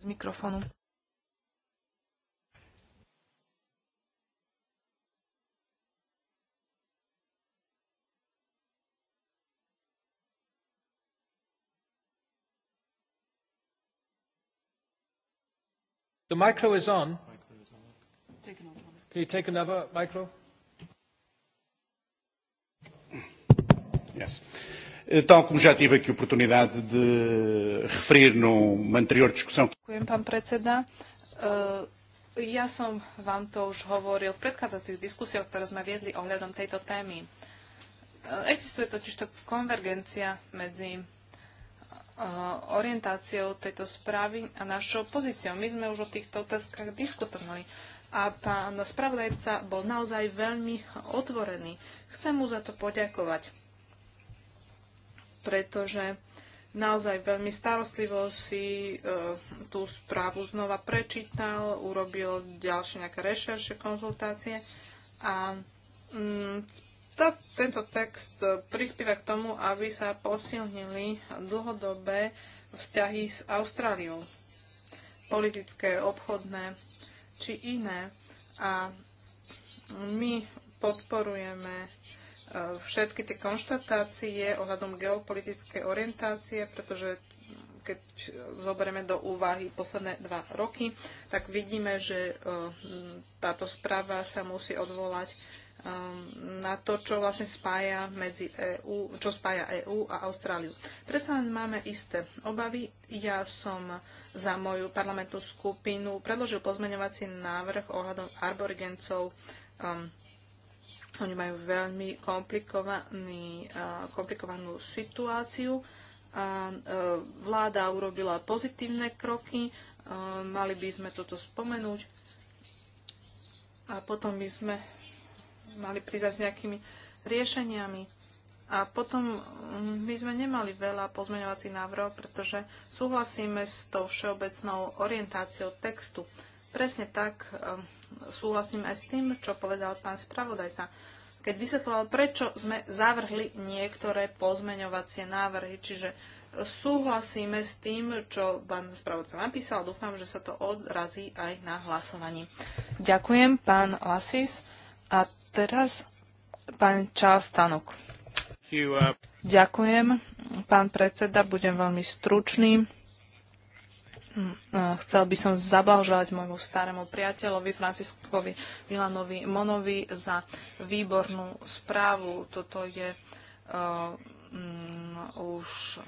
Z mikrofonu. The micro is on. Can you take another micro? Yes. Tal como já tive aqui a oportunidade de referir numa anterior discussão. Ďakujem, pán predseda. Uh, ja som vám to už hovoril v predchádzajúcich diskusiách, ktoré sme viedli ohľadom tejto témy. Uh, existuje totižto konvergencia medzi orientáciou tejto správy a našou pozíciou. My sme už o týchto otázkach diskutovali a pán spravodajca bol naozaj veľmi otvorený. Chcem mu za to poďakovať, pretože naozaj veľmi starostlivo si e, tú správu znova prečítal, urobil ďalšie nejaké rešerše, konzultácie a mm, to, tento text prispieva k tomu, aby sa posilnili dlhodobé vzťahy s Austráliou. Politické, obchodné či iné. A my podporujeme e, všetky tie konštatácie ohľadom geopolitickej orientácie, pretože keď zoberieme do úvahy posledné dva roky, tak vidíme, že e, táto správa sa musí odvolať Um, na to, čo vlastne spája medzi EU, čo spája EU a Austráliu. Predsa len máme isté obavy. Ja som za moju parlamentnú skupinu predložil pozmeňovací návrh ohľadom arborigencov. Um, oni majú veľmi komplikovaný, uh, komplikovanú situáciu. A, uh, vláda urobila pozitívne kroky, uh, mali by sme toto spomenúť a potom by sme mali prizať s nejakými riešeniami. A potom mm, my sme nemali veľa pozmeňovacích návrhov, pretože súhlasíme s tou všeobecnou orientáciou textu. Presne tak ehm, súhlasím aj s tým, čo povedal pán spravodajca, keď vysvetloval, prečo sme zavrhli niektoré pozmeňovacie návrhy. Čiže súhlasíme s tým, čo pán spravodajca napísal. Dúfam, že sa to odrazí aj na hlasovaní. Ďakujem, pán Lasis. A teraz pán Charles Tanok. Ďakujem, pán predseda, budem veľmi stručný. Hm, eh, chcel by som zablahoželať môjmu starému priateľovi Franciskovi Milanovi Monovi za výbornú správu. Toto je uh, um, už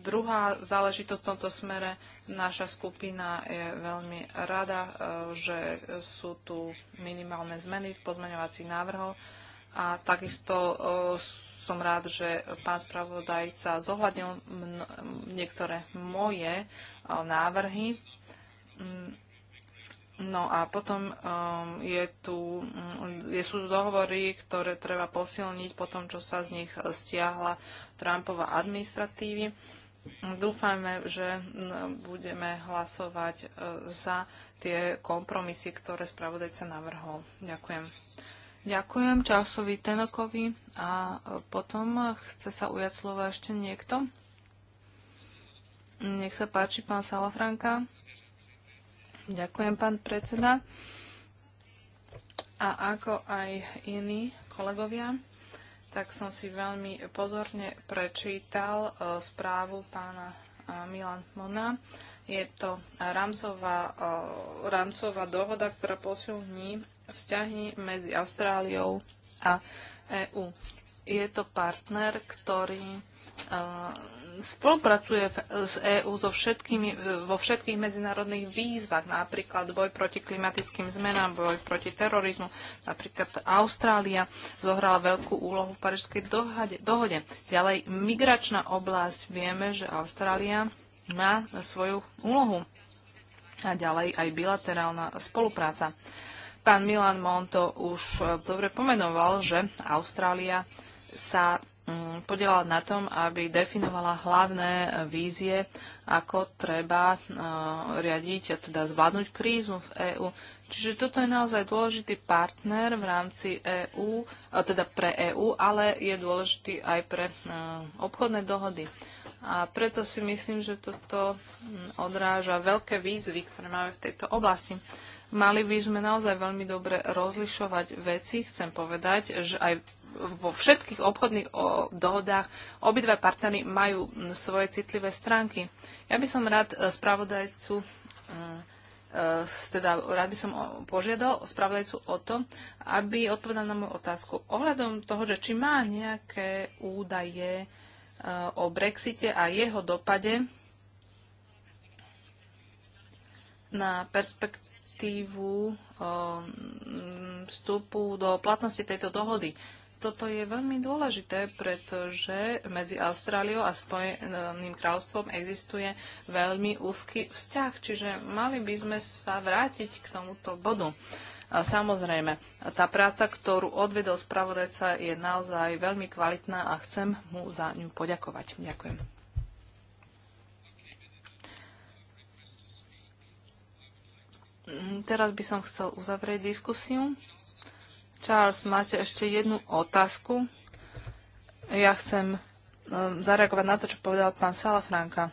Druhá záležitosť v tomto smere, naša skupina je veľmi rada, e, že sú tu minimálne zmeny v pozmeňovacích návrhoch a takisto e, som rád, že pán spravodajca zohľadnil niektoré moje e, návrhy. Mm, No a potom um, je tu, mm, je, sú dohovory, ktoré treba posilniť po tom, čo sa z nich stiahla Trumpova administratívy. Dúfajme, že mm, budeme hlasovať e, za tie kompromisy, ktoré spravodajca navrhol. Ďakujem. Ďakujem Charlesovi Tenokovi a e, potom chce sa ujať slova ešte niekto. Nech sa páči, pán Salafranka. Ďakujem, pán predseda. A ako aj iní kolegovia, tak som si veľmi pozorne prečítal e, správu pána e, Milan Mona. Je to rámcová, e, rámcová dohoda, ktorá posilní vzťahy medzi Austráliou a EÚ. Je to partner, ktorý spolupracuje v, s EÚ so všetkými, vo všetkých medzinárodných výzvach, napríklad boj proti klimatickým zmenám, boj proti terorizmu. Napríklad Austrália zohrala veľkú úlohu v Parížskej dohode. Ďalej migračná oblasť. Vieme, že Austrália má svoju úlohu. A ďalej aj bilaterálna spolupráca. Pán Milan Monto už eh, dobre pomenoval, že Austrália sa Mm, podielala na tom, aby definovala hlavné e, vízie, ako treba e, riadiť a teda zvládnuť krízu v EÚ. Čiže toto je naozaj dôležitý partner v rámci EÚ, e, teda pre EÚ, ale je dôležitý aj pre obchodné dohody. A preto si myslím, že toto mm, odráža veľké výzvy, ktoré máme v tejto oblasti. Mali by sme naozaj veľmi dobre rozlišovať veci. Chcem povedať, že aj vo všetkých obchodných dohodách obidva partnery majú svoje citlivé stránky. Ja by som rád e, spravodajcu e, teda rád by som požiadal spravodajcu o to, aby odpovedal na moju otázku ohľadom toho, že či má nejaké údaje e, o Brexite a jeho dopade na perspektívu perspektívu mm, vstupu do platnosti tejto dohody. Toto je veľmi dôležité, pretože medzi Austráliou a Spojeným kráľovstvom existuje veľmi úzky vzťah, čiže mali by sme sa vrátiť k tomuto bodu. Samozrejme, tá práca, ktorú odvedol spravodajca, je naozaj veľmi kvalitná a chcem mu za ňu poďakovať. Ďakujem. Mm, teraz by som chcel uzavrieť diskusiu. Charles, máte ešte jednu otázku? Ja chcem e, zareagovať na to, čo povedal pán Salafranka.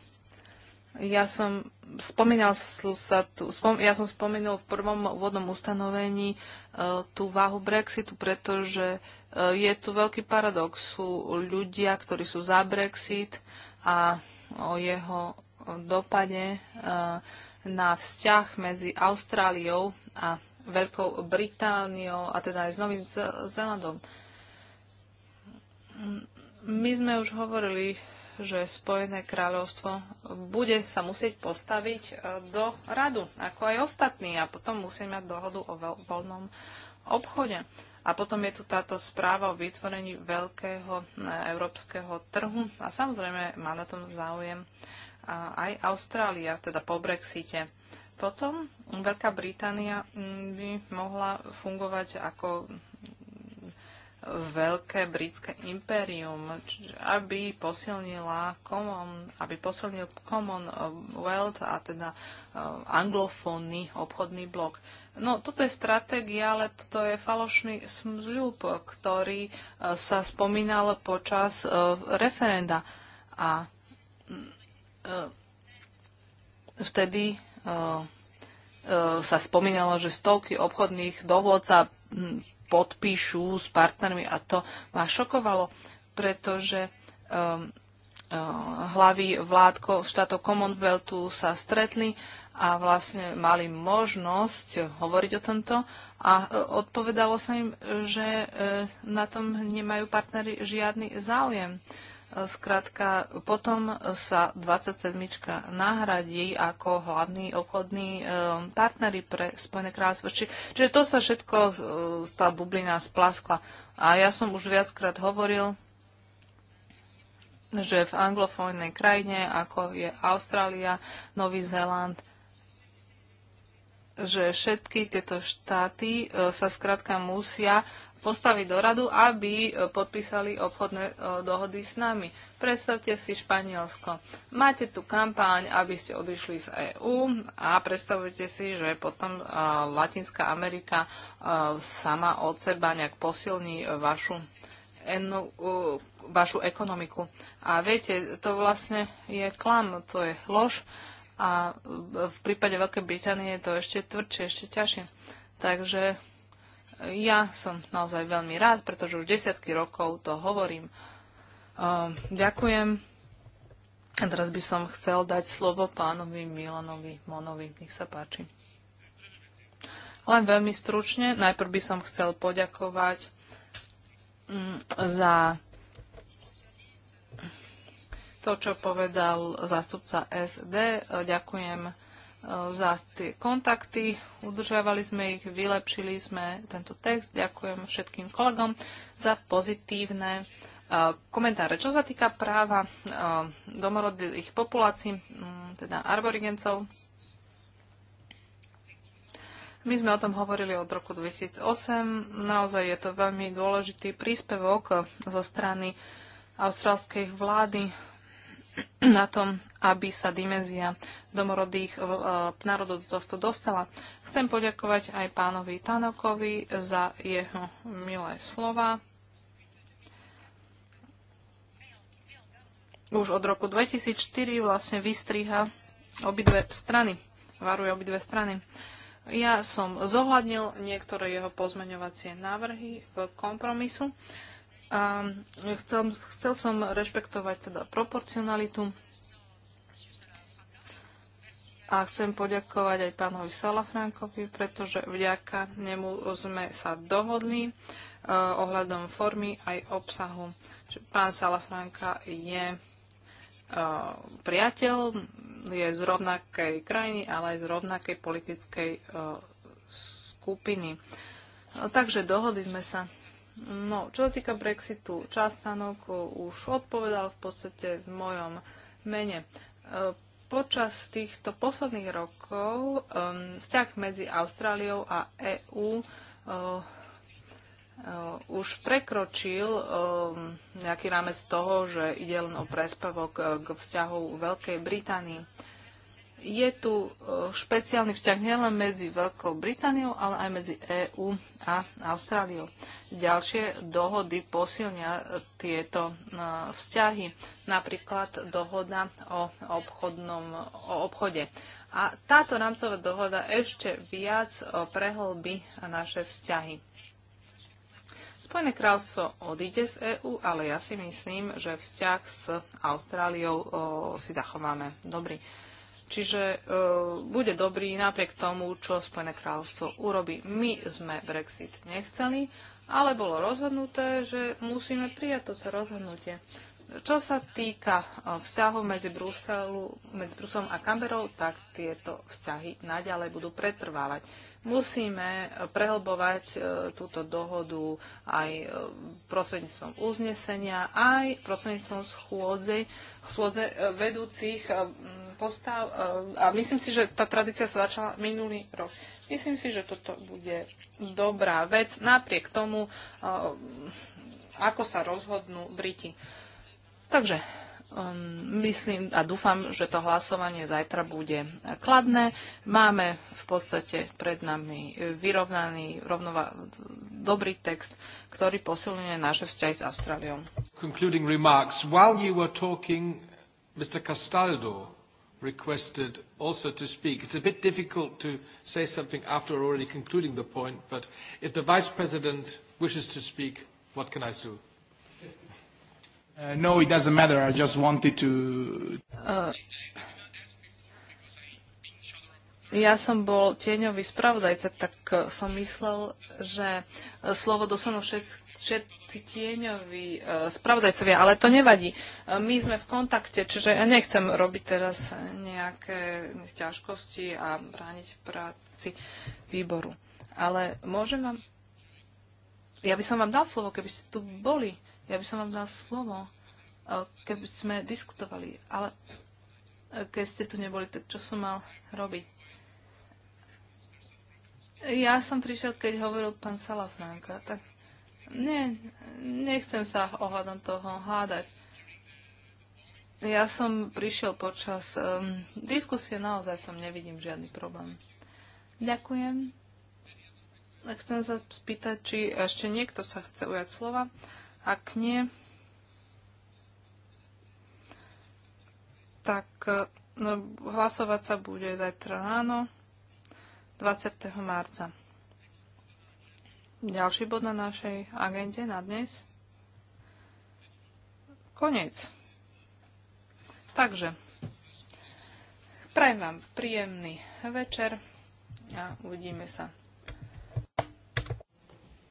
Ja som spomínal sa tu, spom, ja som spomenul v prvom vodnom ustanovení uh, tú váhu Brexitu, pretože uh, je tu veľký paradox. Sú ľudia, ktorí sú za Brexit a o jeho dopade uh, na vzťah medzi Austráliou a Veľkou Britániou a teda aj s Novým Zélandom. My sme už hovorili, že Spojené kráľovstvo bude sa musieť postaviť e, do radu, ako aj ostatní, a potom musí mať dohodu o voľnom obchode. A potom je tu táto správa o vytvorení veľkého e, európskeho trhu a samozrejme má na tom záujem aj Austrália, teda po Brexite. Potom Veľká Británia mm, by mohla fungovať ako veľké britské impérium, aby posilnila common, aby posilnil Commonwealth a teda eh, anglofónny obchodný blok. No, toto je stratégia, ale toto je falošný sľub, ktorý eh, sa spomínal počas eh, referenda. A mm, E, vtedy e, e, sa spomínalo, že stovky obchodných dohôd sa podpíšu s partnermi a to ma šokovalo, pretože hlavy vlád štátov Commonwealthu sa stretli a vlastne mali možnosť hovoriť o tomto a odpovedalo sa im, že na tom nemajú partnery žiadny záujem. Skrátka, potom sa 27. nahradí ako hlavný obchodný um, partnery pre Spojené kráľovstvo. Či, čiže to sa všetko, uh, tá bublina splaskla. A ja som už viackrát hovoril, že v anglofónnej krajine, ako je Austrália, Nový Zéland, že všetky tieto štáty uh, sa skrátka musia postaviť do radu, aby e, podpísali obchodné e, dohody s nami. Predstavte si Španielsko. Máte tu kampáň, aby ste odišli z EÚ a predstavujte si, že potom e, Latinská Amerika sama od seba nejak posilní vašu enu, vašu ekonomiku. A viete, to vlastne je klam, to je lož a v prípade Veľkej Británie je to ešte tvrdšie, ešte ťažšie. Takže ja som naozaj veľmi rád, pretože už desiatky rokov to hovorím. Ehm, ďakujem. A teraz by som chcel dať slovo pánovi Milanovi Monovi. Nech sa páči. Len veľmi stručne. Najprv by som chcel poďakovať mm, za to, čo povedal zástupca SD. Ďakujem Eh, za tie kontakty, udržiavali sme ich, vylepšili sme tento text. Ďakujem všetkým kolegom za pozitívne eh, komentáre. Čo sa týka práva eh, domorodých populácií, mm, teda arborigencov, my sme o tom hovorili od roku 2008. Naozaj je to veľmi dôležitý príspevok zo strany austrálskej vlády na tom, aby sa dimenzia domorodých e, národov do tohto dostala. Chcem poďakovať aj pánovi Tanokovi za jeho milé slova. Už od roku 2004 vlastne vystriha obidve strany, varuje obidve strany. Ja som zohľadnil niektoré jeho pozmeňovacie návrhy v kompromisu a chcel, chcel som rešpektovať teda proporcionalitu a chcem poďakovať aj pánovi Salafránkovi, pretože vďaka nemu sme sa dohodli uh, ohľadom formy aj obsahu. Čiže pán Salafránka je uh, priateľ, je z rovnakej krajiny, ale aj z rovnakej politickej uh, skupiny. Takže dohodli sme sa No, čo sa týka Brexitu, Častanok eh, už odpovedal v podstate v mojom mene. Eh, počas týchto posledných rokov vzťah medzi Austráliou a EÚ eh, už prekročil nejaký rámec toho, že ide len o prespevok k vzťahu Veľkej Británii je tu e, špeciálny vzťah nielen medzi Veľkou Britániou, ale aj medzi EÚ a Austráliou. Ďalšie dohody posilnia e, tieto e, vzťahy, napríklad dohoda o, obchodnom, o obchode. A táto rámcová dohoda ešte viac prehlbí naše vzťahy. Spojené kráľstvo odíde z EÚ, ale ja si myslím, že vzťah s Austráliou o, si zachováme dobrý. Čiže e, bude dobrý napriek tomu, čo Spojené kráľovstvo urobí. My sme Brexit nechceli, ale bolo rozhodnuté, že musíme prijať toto rozhodnutie. Čo sa týka e, vzťahov medzi, Bruselu, medzi Bruselom a Kamberou, tak tieto vzťahy naďalej budú pretrvávať. Musíme prehlbovať e, túto dohodu aj e, prostredníctvom uznesenia, aj prostredníctvom schôdze, schôdze e, vedúcich postav. A myslím si, že tá tradícia sa začala minulý rok. Myslím si, že toto bude dobrá vec, napriek tomu, ako sa rozhodnú Briti. Takže Um, myslím a dúfam, že to hlasovanie zajtra bude kladné. Máme v podstate pred nami vyrovnaný, rovnova, dobrý text, ktorý posilňuje naše vzťahy s Austráliou. Concluding remarks. While you were talking, Mr. Castaldo requested also to speak. It's a bit difficult to say something after already concluding the point, but if the Vice President wishes to speak, what can I do? Uh, no, it doesn't matter. I just wanted to... Uh, ja som bol tieňový spravodajca, tak uh, som myslel, že slovo dostanú všetci všetci tieňoví spravodajcovia, ale to nevadí. My sme v kontakte, čiže ja nechcem robiť teraz nejaké ťažkosti a brániť práci výboru. Ale môžem vám... Ja by som vám dal slovo, keby ste tu boli. Ja by som vám dal slovo, e, keby sme diskutovali, ale e, keď ste tu neboli, tak čo som mal robiť? Ja som prišiel, keď hovoril pán Salafránka, tak nie, nechcem sa ohľadom toho hádať. Ja som prišiel počas um, diskusie, naozaj v tom nevidím žiadny problém. Ďakujem. Chcem sa spýtať, či ešte niekto sa chce ujať slova. Ak nie, tak no, hlasovať sa bude zajtra ráno 20. marca. Ďalší bod na našej agende na dnes. Koniec. Takže, prajem vám príjemný večer a uvidíme sa